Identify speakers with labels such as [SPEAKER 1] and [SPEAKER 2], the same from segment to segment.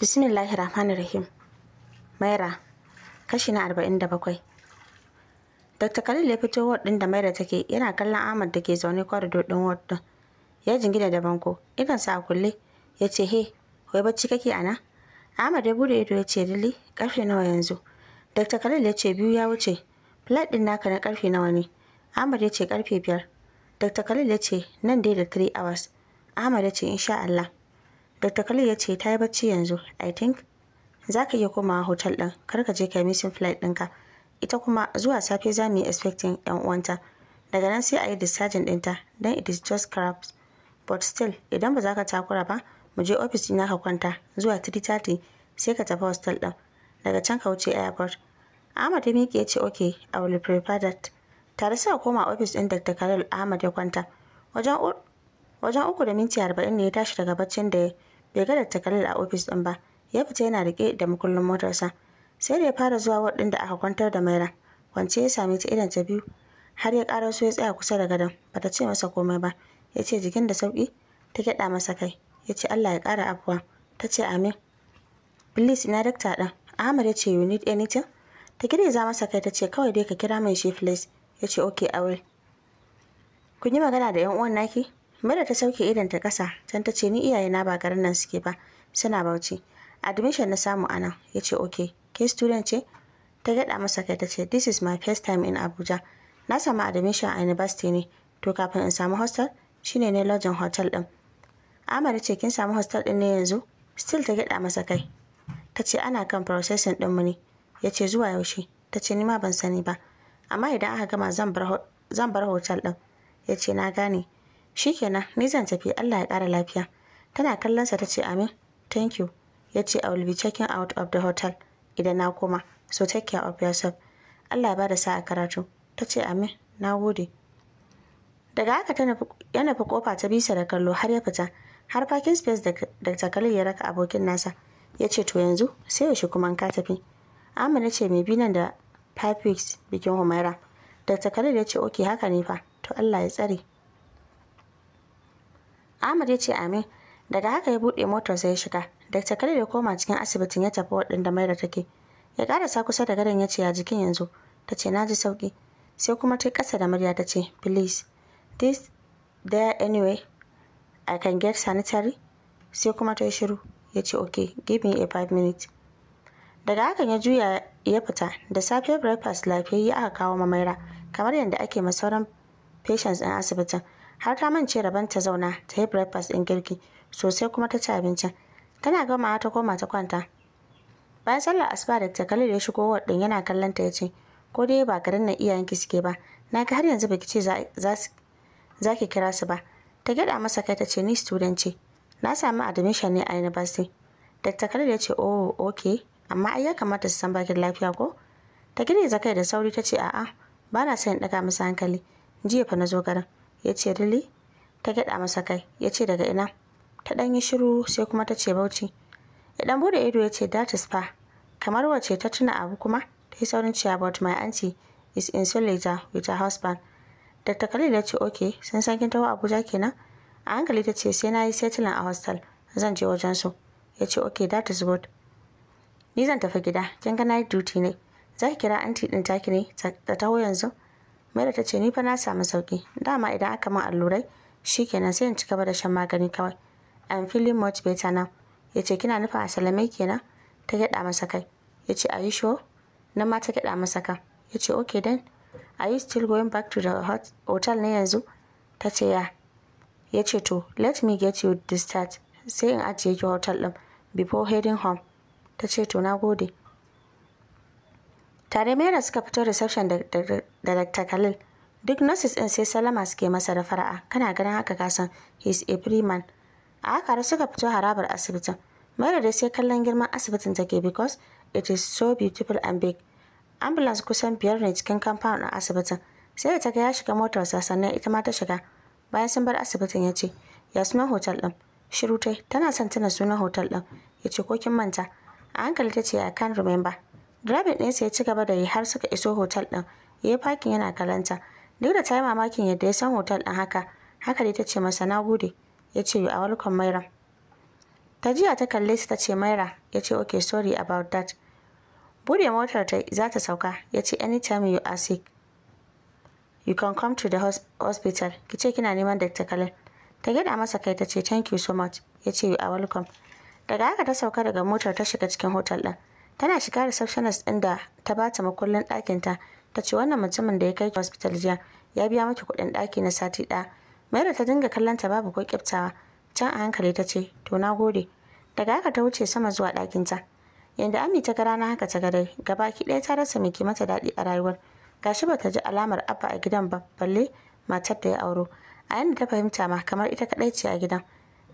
[SPEAKER 1] bismillahir rahmanir rahim maira kashi na arba'in da bakwai. dr khalil ya fito ward din da maira take yana kallon ahmad da ke zaune corridor ɗin ward din ya jingina da banko sa a kulle ya ce he wai bacci kake ana ahmad ya bude ido ya ce lili karfe nawa yanzu dr khalil ya ce biyu ya wuce flat ɗin naka na karfe nawa ne ahmad ya ce karfe biyar dr khalil ya ce nan dai da 3 hours ahmad ya ce insha allah Dr. Khalil ya ce ta yi bacci yanzu, I think. Za ka iya komawa hotel ɗin, kar ka je ka yi missing flight ɗinka. Ita kuma zuwa safe za mu yi expecting 'yan uwanta. Daga nan sai a yi discharging ɗinta, don it is just crabs. But still, idan ba za ka takura ba, mu je ofis ɗina ka kwanta zuwa 3:30 sai ka tafi hostel ɗin. Daga can ka wuce airport. Ahmad ya miƙe ya ce okay, I will prepare that. Tare sai koma ofis ɗin Dr. Khalil Ahmad ya kwanta. Wajen wajen uku da minti arba'in ne ya tashi daga baccin da bai ga takalar a ofis ɗin ba ya fita yana riƙe da makullin motarsa sai da ya fara zuwa ward da aka kwantar da maira kwance ya same ta idan ta biyu har ya ƙara so ya tsaya kusa da gadon bata ce masa komai ba ya ce jikin da sauƙi ta gyaɗa masa kai ya ce Allah ya kara afuwa ta ce amin bilis ina dakta ɗin Ahmad ya ce you need anything ta girgiza masa kai ta ce kawai dai ka kira mai shi please ya ce okay awal kun yi magana da yan uwan naki Mada ta sauke idan ta kasa, can ta ce ni iyayena ba garin nan suke ba, suna Bauchi. Admission na samu ana ya ce okay, ke student ce? Ta gyaɗa masa kai ta ce this is my first time in Abuja. Na samu admission a university ne, to kafin in samu hostel shine ne lodging hotel din. Amara ce kin samu hostel din ne yanzu? Still ta gyada masa kai. Ta ce ana kan processing din mu ne. Ya ce zuwa yaushe? Ta ce ni ma ban sani ba. Amma idan aka gama zan bar hotel din. Ya ce na gane. shikenan ni zan tafi Allah ya ƙara lafiya tana kallonsa ta ce amin thank you ya ce i will be checking out of the hotel idan na koma so take care of yourself Allah ya bada sa'a karatu ta ce amin na gode daga haka ta nufi ya nufi kofa ta bisa da kallo har ya fita har parking space da takalin ya raka abokin nasa ya ce to yanzu sai yaushe kuma ka tafi amina ce mai bi nan da five weeks bikin humaira ta khalil ya ce okay haka ne fa to allah ya tsare Ahmad ya ce amin. Daga haka ya bude motar sai ya shiga. Dr. Khalil ya koma cikin asibitin ya tafi waɗanda Maira take. Ya karasa kusa da gadon ya ce ya jikin yanzu. Ta ce na sauki. Sai kuma ta kasa da murya ta ce please this there anyway I can get sanitary. Sai kuma ta yi shiru. Ya ce okay give me a five minutes. Daga hakan ya juya ya fita da safe breakfast lafiyayye aka kawo ma Maira kamar yadda ake ma sauran patients ɗin asibitin. har ta mance rabon ta zauna ta yi breakfast ɗin girki sosai kuma ta ci abincin tana gama ta koma ta kwanta bayan sallar asuba da ta kalli ya shigo ward yana kallon ta ya ce ko dai ba garin nan ki suke ba na ga har yanzu baki ce za ki kira su ba ta gyada masa kai ta ce ni student ce na sami admission ne a university Dr. Khalil ya ce oh okay amma ai ya kamata su san bakin lafiya ko ta girgiza kai da sauri ta ce a'a ba na son in ɗaga masa hankali jiya fa na zo garin ya ce rili ta gyada masa kai ya ce daga ina ta ɗan yi shiru sai kuma ta ce bauchi ya bude ido ya ce that is far kamar wace ta tuna abu kuma ta yi saurin cewa about my auntie is in solita with her husband dr khalil ya ce ok sun san kin taho abuja kenan a hankali ta ce sai na yi settling a hostel zan je wajen su ya ce ok that is good ni zan tafi gida kin ga na yi duty ne za ki kira anti din taki ne ta taho yanzu Maida ta ce ni fa na samu sauki. Dama idan aka min allurai shi kenan sai in ci gaba da shan magani kawai. I'm feeling much better now. Ya ce kina nufin a salame kenan? Ta gyaɗa masa kai. Ya ce are you sure? Nan ma ta gyaɗa masa kan. Ya ce okay then. Are you still going back to the hotel ne yanzu? Ta ce ya. Ya ce to let me get you this start. Sai in ajiye ki hotel din before heading home. Ta ce to na gode. tare mera suka fito reception da Dr. Khalil duk nurses ɗin sai salama suke masa da fara'a kana ganin haka kasan san a free man a haka suka fito harabar asibitin Mai da sai kallon girman asibitin take because it is so beautiful and big ambulance kusan biyar ne cikin compound ɗin asibitin sai da ta ga ya shiga motar motarsa sannan ita ma ta shiga bayan sun bar asibitin ya ce ya suna hotel ɗin shiru tai tana son tana sunan hotel ɗin ya ce ko kin manta a hankali ta ce i can't remember Drabin ɗinsa ya ci gaba da yi har suka iso hotel ɗin. Ya yi fakin yana kalanta. Duk da ta yi mamakin yadda ya san hotel ɗin haka, haka dai ta ce masa na gode. Ya ce a welcome Maira. Ta jiya ta kalle su ta ce Maira. Ya ce okay sorry about that. Bude motar ta za ta sauka. Ya ce anytime you are sick. You can come to the hospital. Ki ce kina neman Dr. Khalil. Ta gida masa kai ta ce thank you so much. Ya ce you are welcome. Daga haka ta sauka daga motar ta shiga cikin hotel ɗin. tana shiga receptionist ɗin da ta bata makullin ɗakin ta ce wannan mutumin da ya kai hospital jiya ya biya maki kuɗin ɗaki na sati ɗaya Maira ta dinga kallon ta babu ko kyaftawa can a hankali ta ce to na gode daga haka ta wuce sama zuwa ɗakin ta yanda Ami ta ga rana haka ta ga dai gabaki ɗaya ta rasa miki mata daɗi a rayuwar gashi bata ji alamar abba a gidan ba balle matar da ya auro a yanda ta fahimta ma kamar ita kaɗai ce a gidan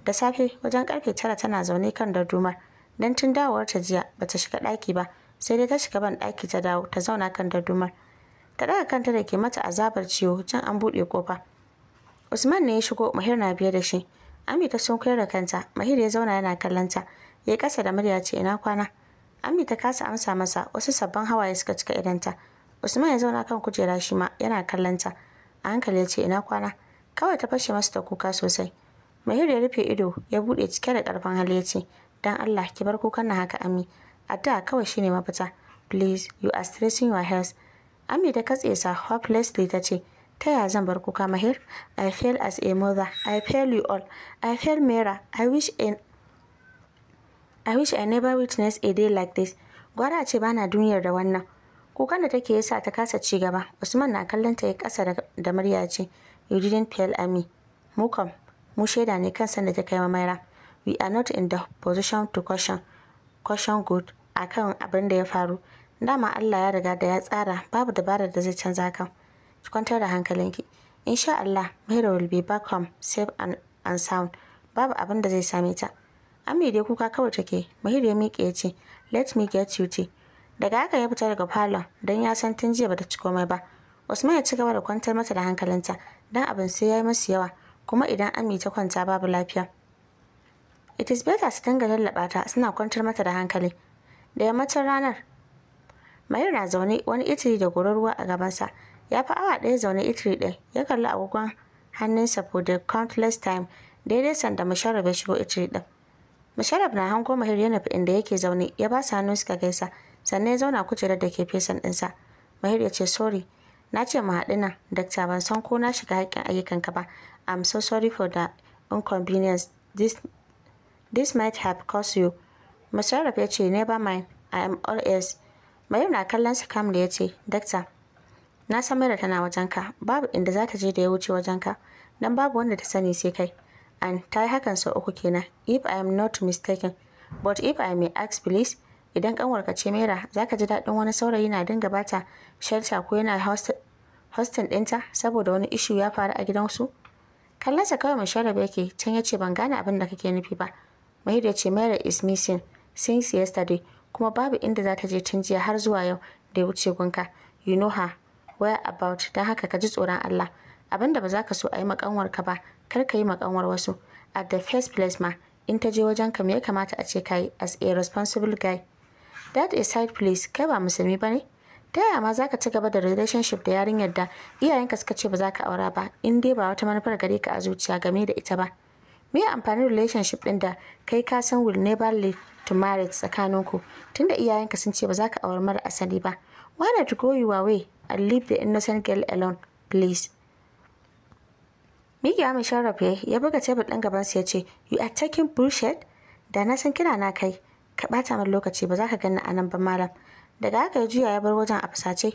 [SPEAKER 1] da safe wajen karfe tara tana zaune kan dardumar don tun dawowarta jiya ba ta shiga ɗaki ba sai dai ta shiga ban ɗaki ta dawo ta zauna kan dardumar ta ɗaga kanta da ke mata azabar ciwo can an buɗe kofa usman ne ya shigo mahir na biye da shi ami ta sunkuyar da kanta mahir ya zauna yana kallonta ya yi ƙasa da murya ce ina kwana ami ta kasa amsa masa wasu sabbin hawaye suka cika idanta usman ya zauna kan kujera shi ma yana kallanta, a hankali ya ce ina kwana kawai ta fashe masa ta kuka sosai mahir ya rufe ido ya buɗe cike da ƙarfin hali ya ce dan Allah ki bar kukan na haka ami A da, kawai shine mafita please you are stressing your health ami da katse sa hopelessly ta ce ta ya zan bar kuka mahir i feel as a mother i feel you all i feel mera i wish in i wish i never witnessed a day like this gwara ce bana duniyar da wannan kukan da take yasa ta kasa ci gaba usman na kallon ta ya kasa da murya ce you didn't feel ami mu kam mu shaida ne kan sanda ta kai Maira. we are not in the position to question question good akan abin da ya faru dama Allah ya riga da ya tsara babu dabarar da zai canza kan ki kwantar da hankalinki insha Allah Mary will be back home safe and, and sound babu abin da zai same ta Ami dai kuka kawai take Mahir ya miƙe ya ce let me get you tea daga haka ya fita daga falon don ya san tun jiya bata ci komai ba Usman ya ci gaba da kwantar mata da hankalinta don abin sai ya yi masu yawa kuma idan Ami ta kwanta babu lafiya it is better su dinga lallaɓa ta suna kwantar mata da hankali da yammacin ranar mayur na zaune wani itiri da gurin ruwa a gabansa ya fi awa ɗaya zaune itiri ɗaya, ya kalli agogon hannunsa for the countless time daidai sanda musharraf ya shigo itiri ɗin musharraf na hango mahir ya nufi inda yake zaune ya ba su hannu suka gaisa sannan ya zauna kujerar da ke fesan ɗinsa mahir ya ce sorry na ce mu haɗu nan dakta ban san ko na shiga haƙƙin ka ba i'm so sorry for the inconvenience this This might have cost you. Musharraf ya ce, Never mind, I am all ears. Mayu na kallon sa da ya ce, Doctor, na san Maira tana wajenka, babu inda za ta je da ya wuce wajenka, don babu wanda ta sani sai kai. And ta yi hakan sau uku kenan, if I am not mistaken. But if I may ask please, idan kanwarka ce Maira, za ka ji daɗin wani saurayi na dinga bata shelter ko yana hostin ɗinta saboda wani ishu ya faru a gidansu? Kallonsa kawai mai sharabe yake, can ya ce ban gane abin da kake nufi ba. Mahida ce Mary is missing since yesterday kuma babu inda za ta je tun jiya har zuwa yau da ya wuce gunka. You know her where about don haka ka ji tsoron Allah. Abin da ba za ka so a yi ka ba kar ka yi makanwar wasu. At the first place ma in ta je wajen ka me ya kamata a ce ka yi as a responsible guy. That is side place. kai ba musulmi ba ne? ta yaya ma za ka ci gaba da relationship da yarinyar da iyayenka suka ce ba za ka aura ba in dai ba wata manufar gare ka a zuciya game da ita ba me ya amfanin relationship ɗin da kai ka san will never lead to marriage tsakaninku tunda iyayenka sun ce ba za ka aure mara asali ba why not go you away and leave the innocent girl alone please Miki Amin sharaf ya buga tebur ɗin gabansa ya ce you are taking bullshit da na san kira na kai ka ɓata min lokaci ba za ka gani a nan ba malam daga haka ya juya ya bar wajen a fasace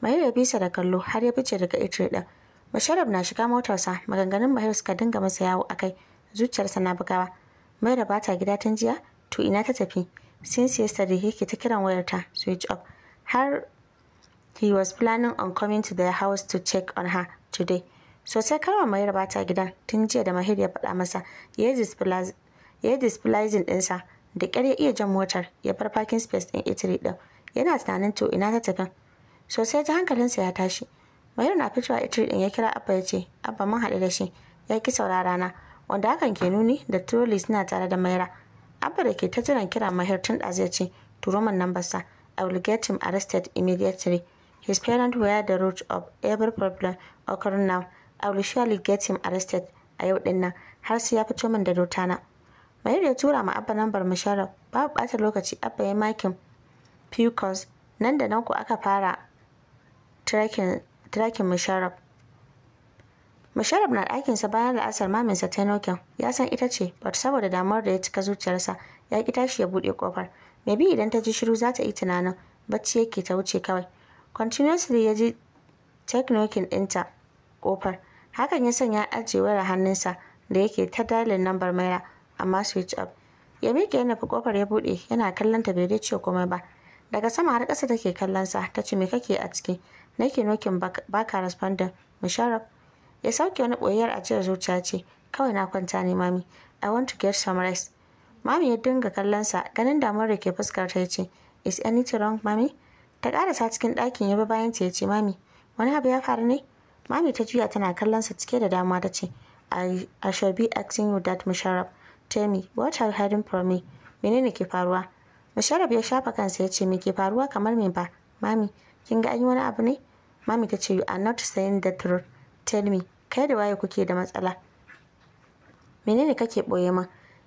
[SPEAKER 1] mahir ya bisa da kallo har ya fice daga itir ɗin masharab na shiga motarsa maganganun mahir suka dinga masa yawo a kai zuciyarsa na bugawa maira ba ta gida tun jiya to ina ta tafi since yesterday yake ta kiran wayarta switch off har he was planning on coming to their house to check on her today so sai kalmar mai ba ta gidan tun jiya da mahir ya faɗa masa ya yi displeasing ɗinsa da ƙyar ya iya jan motar ya bar parking space ɗin itiri ɗin yana tunanin to ina ta tafi so sai ta hankalinsa ya tashi Mahir na fitowa itiri ɗin ya kira abba ya ce abba mun haɗu da shi ya ki saurara na wanda hakan ke nuni da Trolli suna tare da Maira. Abba da ke ta jiran kira Mahir tun ɗazu ya ce, turo man nambarsa, I will get him arrested immediately. His parents were the root of every problem occurring now. I will surely get him arrested a yau din nan har sai ya fito min da dotana. Mahir ya tura ma Abba nambar Musharraf, babu bata lokaci Abba ya makin Pucos, nan da nan ku aka fara tracking, tracking Musharraf. Musharraf na ɗakinsa bayan la'asar maminsa ta nokin ya san ita ce ba saboda damar da ya cika zuciyarsa ya ki tashi ya buɗe ƙofar maybe idan ta ji shiru za ta yi tunanin bacci yake ta wuce kawai continuously ya ji teknokin ɗinta ƙofar hakan ya sanya ajiye wayar hannunsa da yake ta dalin lambar maira amma switch up ya miƙe ya nufi kofar ya buɗe yana kallon ta bai dai ce komai ba daga sama har ƙasa take kallon sa ta ce me kake a ciki nake nokin baka responding musharraf ya sauke wani boyayyar ajiyar zuciya ce kawai na kwanta ne mami i want to get some rest mami ya dinga kallonsa. ganin damar da ke fuskar ta ce is anything wrong mami ta karasa cikin ɗakin ya bi bayan ta ya ce mami wani abu ya faru ne mami ta juya tana kallonsa cike da damuwa ta ce i i shall be asking you that musharraf tell me what are you hiding from me menene ke faruwa musharraf ya shafa kansa ya ce me ke faruwa kamar me ba mami kin ga an yi wani abu ne mami ta ce you are not saying the truth tell me kai da waye kuke da matsala menene kake boye min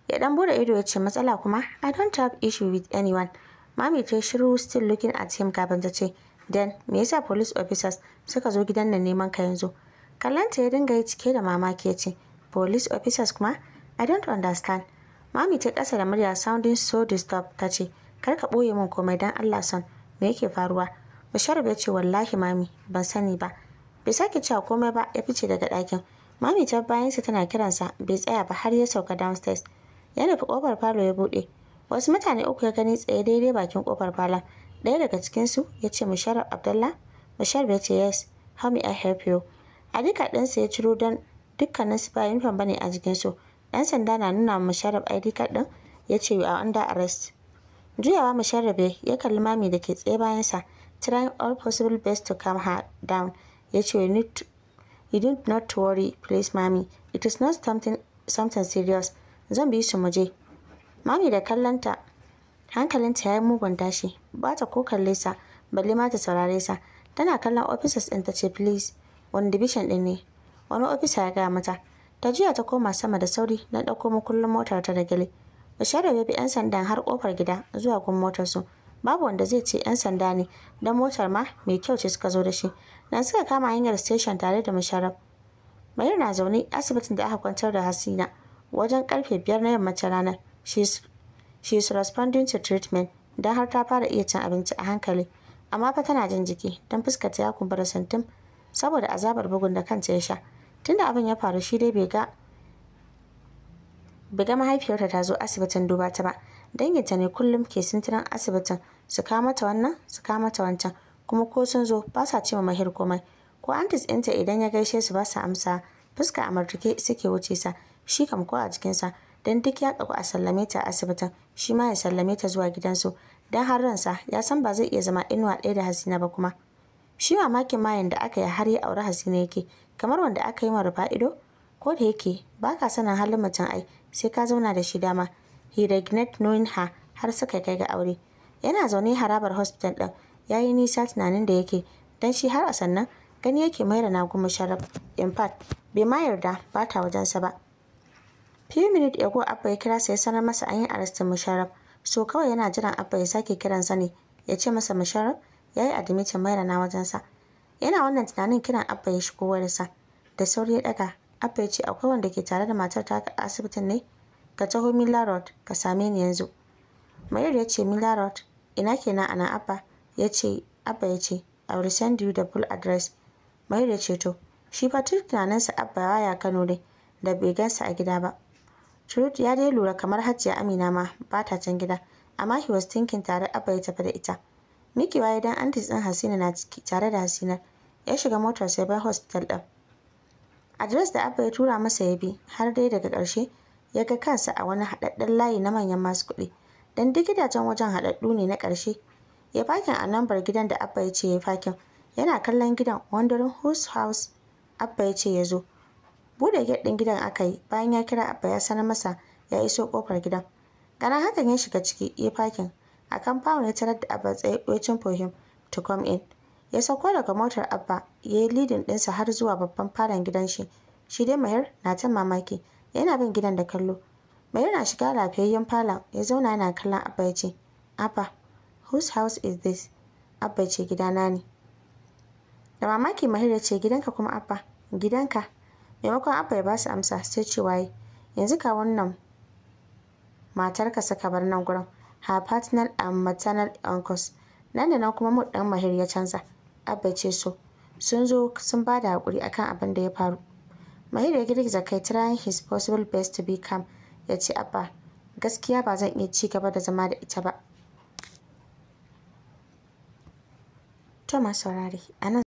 [SPEAKER 1] ya dan bude ido ya ce matsala kuma i don't have issue with anyone mami ta shiru still looking at him kafin ta ce then me yasa police officers suka zo gidan nan neman ka yanzu kallanta ya dinga yi cike da mamaki ya ce police officers kuma i don't understand mami ta kasa da murya sounding so disturbed ta ce kar ka boye min komai dan Allah son me yake faruwa Bashar ya ce wallahi mami ban sani ba bai sake cewa komai ba ya fice daga ɗakin mami ta bayansa tana kiransa bai tsaya ba har ya sauka downstairs ya nufi kofar falo ya buɗe wasu mutane uku ya gani tsaye daidai bakin kofar falon ɗaya daga cikinsu ya ce musharraf abdallah musharraf ya ce yes how may i help you a duka sa ya ciro don dukkanin su ba ne bane a su ɗan sanda na nuna wa musharraf id card ɗin ya ce you are under arrest juyawa musharraf ya kalli mami da ke tsaye bayansa trying all possible best to calm her down ya ce you need not to worry please mami it is not something, something serious zan bi su muje mami da kallonta hankalinta ya yi mugun tashi ba ta ko kalle sa balle ma ta saurare sa tana kallon officers din ta ce please wani division ɗin ne wani ofisa ya gaya mata ta jiya ta koma sama da sauri na ɗauko makullin motar ta da gale bashara ya bi 'yan sandan har kofar gida zuwa gun motar su babu wanda zai ce 'yan sanda ne don motar ma mai kyau ce suka zo da shi nan suka kama hanyar station tare da musharraf mayar na zaune asibitin da aka kwantar da hasina wajen karfe biyar na yammacin ranar she is responding to treatment don har ta fara iya cin abinci a hankali amma fa tana jin jiki don fuskarta ya kumbura santim saboda azabar bugun da kanta ya sha tunda abin ya faru shi dai bai ga bai ga mahaifiyarta ta zo asibitin duba ta ba danginta ne kullum ke sintiran asibitin su kama mata wannan su kama mata wancan kuma ko sun zo ba sa ce mahir komai ko antis ɗinta idan ya gaishe su ba sa amsa fuska a martuke suke wuce sa shi kam ko a jikinsa don duk ya ɗauko a sallame ta asibitin shi ma ya sallame ta zuwa gidansu don har ransa ya san ba zai iya zama inuwa ɗaya da hasina ba kuma shi mamakin mayan da aka yi har ya aure hasina yake kamar wanda aka yi ma rufa ido ko da yake ba ka sanin halin mutum ai sai ka zauna da shi dama ginet Noinha ha har suka kai ga aure yana zaune harabar hospital ɗin ya yi nisa tunanin da yake don shi har a sannan gani yake mai na goma sharaf in fact bai ma yarda ba ta wajensa ba few minute ago abba ya kira sa ya sanar masa an yi arrestin musharraf so kawai yana jiran abba ya sake kiransa ne ya ce masa musharraf ya yi admitin mai na wajensa yana wannan tunanin kiran abba ya shigo wayarsa da sauri ya ɗaga abba ya ce akwai wanda ke tare da matar ta a asibitin ne ka taho Miller ka same ni yanzu Mayur ya ce Miller Road ina kenan ana abba ya ce abba ya ce I will send you the full address Mayur ya ce to shi fa tun tunaninsa abba ya Kano ne da bai gansa a gida ba Truth ya dai lura kamar Hajiya Amina ma ba ta can gida amma he was thinking tare abba ya tafi da ita Miki waye dan antis din Hasina na ciki tare da Hasina ya shiga motar sai bai hospital din Adres da Abba ya tura masa ya bi har dai daga ƙarshe ya ga kansa a wani haɗaɗɗen layi na manyan masu kuɗi Don duk gidajen wajen haɗaɗɗu ne na ƙarshe ya fakin a lambar gidan da abba ya ce ya fakin yana kallon gidan wondering whose house abba ya ce ya zo bude gate ɗin gidan aka yi bayan ya kira abba ya sanar masa ya iso kofar gidan gana hakan ya shiga ciki ya fakin a fawon ya tarar da abba tsaye waiting for him to come in ya sauko daga motar abba ya yi lidin ɗinsa har zuwa babban falon gidan shi shi dai mahir na ta mamaki yana bin gidan da kallo mai yana shiga lafiyayyen falon ya zauna yana kallon abba ya ce abba whose house is this abba ya ce gidana ne da mamaki mahir ya ce gidanka kuma abba gidanka maimakon abba ya ba su amsa sai ce waye yanzu ka wannan matarka saka bar nan gurin her partner and maternal uncles nan da nan kuma mu dan mahir ya canza abba ya ce so sun zo sun ba da hakuri akan abin da ya faru mai da girgiza kai trying his possible best to be calm ya ce abba gaskiya ba zan iya ci gaba da zama da ita ba thomas masu a